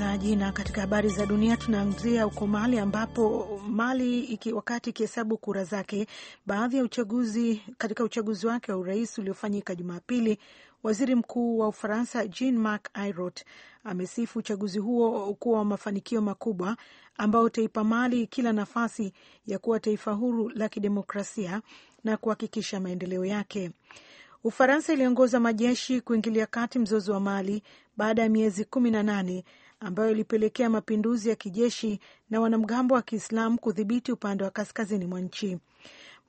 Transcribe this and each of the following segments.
msikilizaji, na katika habari za dunia tunaanzia huko Mali ambapo Mali iki, wakati ikihesabu kura zake baadhi ya uchaguzi katika uchaguzi wake wa urais uliofanyika Jumapili, waziri mkuu wa Ufaransa Jean Marc Ayrault amesifu uchaguzi huo kuwa wa mafanikio makubwa ambao utaipa Mali kila nafasi ya kuwa taifa huru la kidemokrasia na kuhakikisha maendeleo yake. Ufaransa iliongoza majeshi kuingilia kati mzozo wa Mali baada ya miezi kumi na nane ambayo ilipelekea mapinduzi ya kijeshi na wanamgambo wa Kiislamu kudhibiti upande wa kaskazini mwa nchi.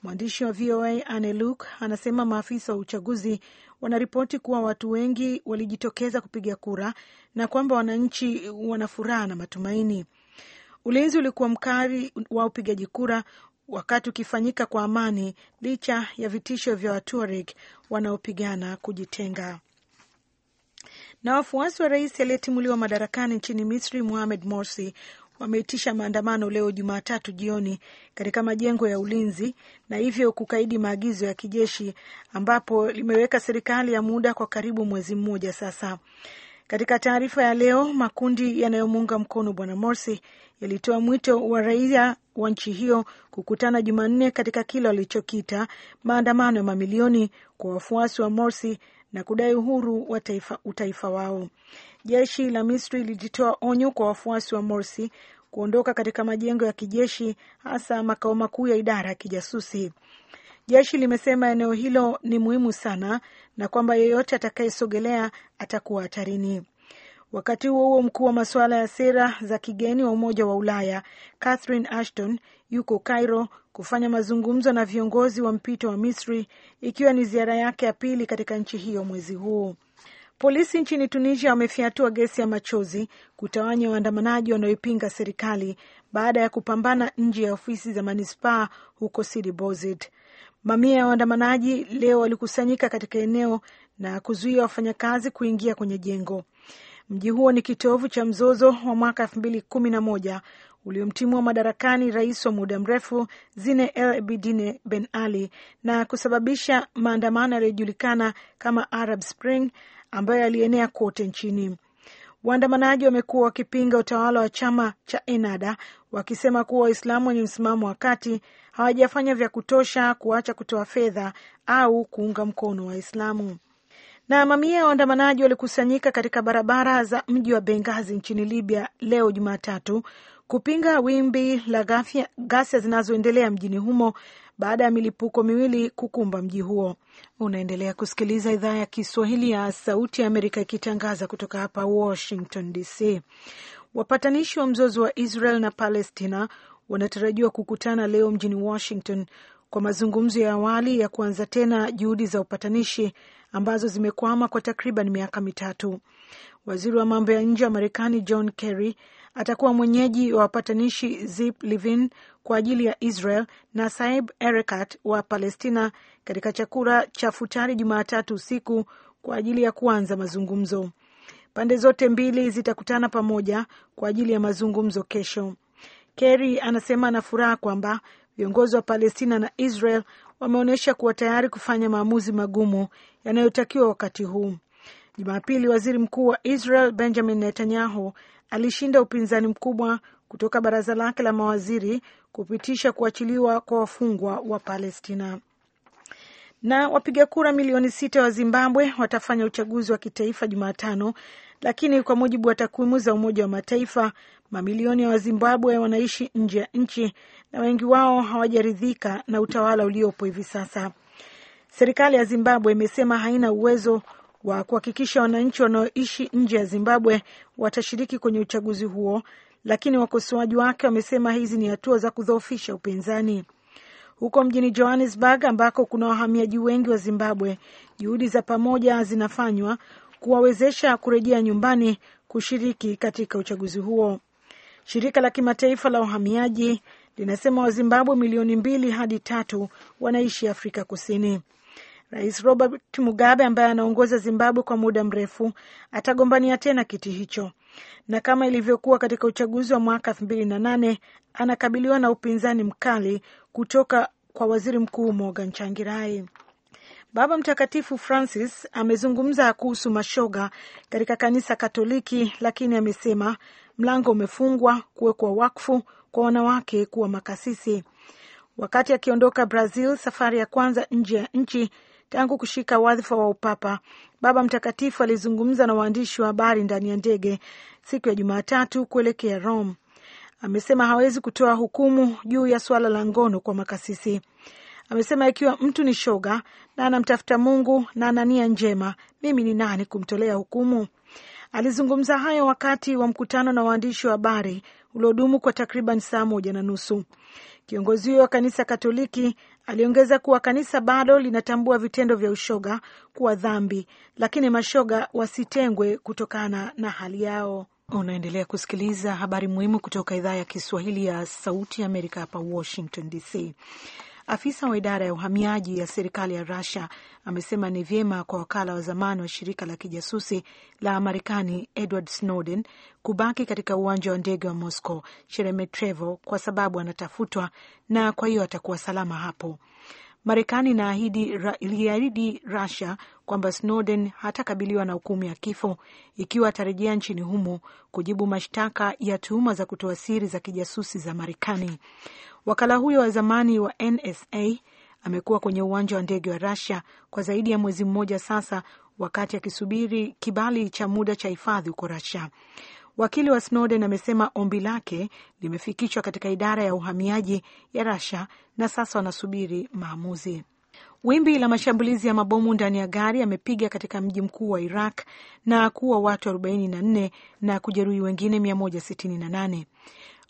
Mwandishi wa VOA Anne Luke anasema maafisa wa uchaguzi wanaripoti kuwa watu wengi walijitokeza kupiga kura na kwamba wananchi wana furaha na matumaini. Ulinzi ulikuwa mkali wa upigaji kura wakati ukifanyika kwa amani licha ya vitisho vya Watuareg wanaopigana kujitenga. Na wafuasi wa rais aliyetimuliwa madarakani nchini Misri Mohamed Morsi wameitisha maandamano leo Jumatatu jioni katika majengo ya ulinzi na hivyo kukaidi maagizo ya kijeshi ambapo limeweka serikali ya muda kwa karibu mwezi mmoja sasa. Katika taarifa ya leo, makundi yanayomuunga mkono bwana Morsi yalitoa mwito wa raia wa nchi hiyo kukutana Jumanne katika kile walichokita maandamano ya mamilioni kwa wafuasi wa Morsi na kudai uhuru wa taifa, utaifa wao. Jeshi la Misri lilitoa onyo kwa wafuasi wa Morsi kuondoka katika majengo ya kijeshi, hasa makao makuu ya idara ya kijasusi. Jeshi limesema eneo hilo ni muhimu sana na kwamba yeyote atakayesogelea atakuwa hatarini. Wakati huo huo, mkuu wa masuala ya sera za kigeni wa Umoja wa Ulaya Catherine Ashton yuko Cairo kufanya mazungumzo na viongozi wa mpito wa Misri, ikiwa ni ziara yake ya pili katika nchi hiyo mwezi huu. Polisi nchini Tunisia wamefyatua gesi ya machozi kutawanya waandamanaji wanaoipinga serikali baada ya kupambana nje ya ofisi za manispaa huko Sidi Bouzid. Mamia ya waandamanaji leo walikusanyika katika eneo na kuzuia wafanyakazi kuingia kwenye jengo. Mji huo ni kitovu cha mzozo wa mwaka elfu mbili kumi na moja uliomtimua madarakani rais wa muda mrefu Zine El Abidine Ben Ali na kusababisha maandamano yaliyojulikana kama Arab Spring ambayo yalienea kote nchini. Waandamanaji wamekuwa wakipinga utawala wa chama cha Ennahda wakisema kuwa Waislamu wenye msimamo wa kati hawajafanya vya kutosha kuacha kutoa fedha au kuunga mkono Waislamu. Na mamia ya waandamanaji walikusanyika katika barabara za mji wa Bengazi nchini Libya leo Jumatatu kupinga wimbi la ghasia zinazoendelea mjini humo baada ya milipuko miwili kukumba mji huo. Unaendelea kusikiliza idhaa ya Kiswahili ya Sauti ya Amerika ikitangaza kutoka hapa Washington DC. Wapatanishi wa mzozo wa Israel na Palestina wanatarajiwa kukutana leo mjini Washington kwa mazungumzo ya awali ya kuanza tena juhudi za upatanishi ambazo zimekwama kwa takriban miaka mitatu. Waziri wa mambo ya nje wa Marekani John Kerry atakuwa mwenyeji wa wapatanishi Zip Livin kwa ajili ya Israel na Saib Erekat wa Palestina katika chakula cha futari Jumatatu usiku kwa ajili ya kuanza mazungumzo. Pande zote mbili zitakutana pamoja kwa ajili ya mazungumzo kesho. Kerry anasema ana furaha kwamba viongozi wa Palestina na Israel wameonyesha kuwa tayari kufanya maamuzi magumu yanayotakiwa wakati huu. Jumapili, waziri mkuu wa Israel Benjamin Netanyahu alishinda upinzani mkubwa kutoka baraza lake la mawaziri kupitisha kuachiliwa kwa wafungwa wa Palestina. Na wapiga kura milioni sita wa Zimbabwe watafanya uchaguzi wa kitaifa Jumatano, lakini kwa mujibu wa takwimu za Umoja wa Mataifa, mamilioni ya wa Wazimbabwe wanaishi nje ya nchi na wengi wao hawajaridhika na utawala uliopo hivi sasa. Serikali ya Zimbabwe imesema haina uwezo wa kuhakikisha wananchi wanaoishi nje ya Zimbabwe watashiriki kwenye uchaguzi huo, lakini wakosoaji wake wamesema hizi ni hatua za kudhoofisha upinzani. Huko mjini Johannesburg ambako kuna wahamiaji wengi wa Zimbabwe, juhudi za pamoja zinafanywa kuwawezesha kurejea nyumbani kushiriki katika uchaguzi huo. Shirika la kimataifa la uhamiaji linasema Wazimbabwe milioni mbili hadi tatu wanaishi Afrika Kusini. Rais Robert Mugabe ambaye anaongoza Zimbabwe kwa muda mrefu atagombania tena kiti hicho, na kama ilivyokuwa katika uchaguzi wa mwaka elfu mbili na nane anakabiliwa na upinzani mkali kutoka kwa waziri mkuu Morgan Changirai. Baba Mtakatifu Francis amezungumza kuhusu mashoga katika kanisa Katoliki, lakini amesema mlango umefungwa kuwekwa wakfu kwa wanawake kuwa makasisi. Wakati akiondoka Brazil, safari ya kwanza nje ya nchi Tangu kushika wadhifa wa upapa, Baba Mtakatifu alizungumza na waandishi wa habari ndani ya ndege siku ya Jumatatu kuelekea Rome. Amesema hawezi kutoa hukumu juu ya suala la ngono kwa makasisi. Amesema ikiwa mtu ni shoga na anamtafuta Mungu na ana nia njema, mimi ni nani kumtolea hukumu? Alizungumza hayo wakati wa mkutano na waandishi wa habari uliodumu kwa takriban saa moja na nusu. Kiongozi huyo wa kanisa Katoliki Aliongeza kuwa kanisa bado linatambua vitendo vya ushoga kuwa dhambi, lakini mashoga wasitengwe kutokana na hali yao. Unaendelea kusikiliza habari muhimu kutoka idhaa ya Kiswahili ya Sauti ya Amerika hapa Washington DC. Afisa wa idara ya uhamiaji ya serikali ya Rusia amesema ni vyema kwa wakala wa zamani wa shirika la kijasusi la Marekani Edward Snowden kubaki katika uwanja wa ndege wa Moscow Sheremetrevo kwa sababu anatafutwa na kwa hiyo atakuwa salama hapo. Marekani iliahidi Russia kwamba Snowden hatakabiliwa na hukumu ya kifo ikiwa atarejea nchini humo kujibu mashtaka ya tuhuma za kutoa siri za kijasusi za Marekani. Wakala huyo wa zamani wa NSA amekuwa kwenye uwanja wa ndege wa rasia kwa zaidi ya mwezi mmoja sasa, wakati akisubiri kibali cha muda cha hifadhi huko rasia Wakili wa Snowden amesema ombi lake limefikishwa katika idara ya uhamiaji ya Russia na sasa wanasubiri maamuzi. Wimbi la mashambulizi ya mabomu ndani ya gari yamepiga katika mji mkuu wa Iraq na kuwa watu 44 na kujeruhi wengine 168.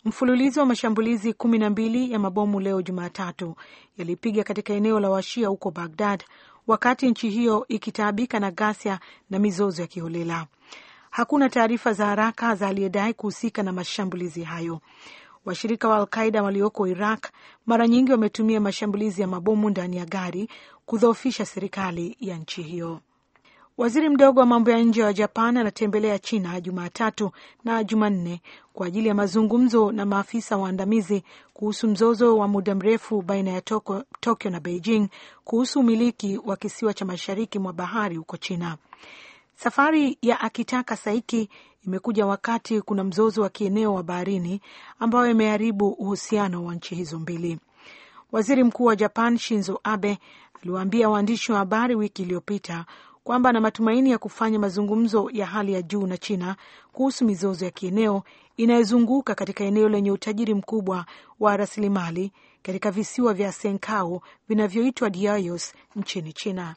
Mfululizo wa mashambulizi kumi na mbili ya mabomu leo Jumatatu yalipiga katika eneo la Washia huko Bagdad, wakati nchi hiyo ikitaabika na ghasia na mizozo ya kiholela. Hakuna taarifa za haraka za aliyedai kuhusika na mashambulizi hayo. Washirika wa Alqaida walioko Iraq mara nyingi wametumia mashambulizi ya mabomu ndani ya gari kudhoofisha serikali ya nchi hiyo. Waziri mdogo wa mambo ya nje wa Japan anatembelea China Jumatatu na Jumanne kwa ajili ya mazungumzo na maafisa waandamizi kuhusu mzozo wa muda mrefu baina ya Toko, Tokyo na Beijing kuhusu umiliki wa kisiwa cha mashariki mwa bahari huko China. Safari ya Akitaka Saiki imekuja wakati kuna mzozo wa kieneo wa baharini ambayo imeharibu uhusiano wa nchi hizo mbili. Waziri Mkuu wa Japan Shinzo Abe aliwaambia waandishi wa habari wiki iliyopita kwamba ana matumaini ya kufanya mazungumzo ya hali ya juu na China kuhusu mizozo ya kieneo inayozunguka katika eneo lenye utajiri mkubwa wa rasilimali katika visiwa vya Senkaku vinavyoitwa Diaoyos nchini China.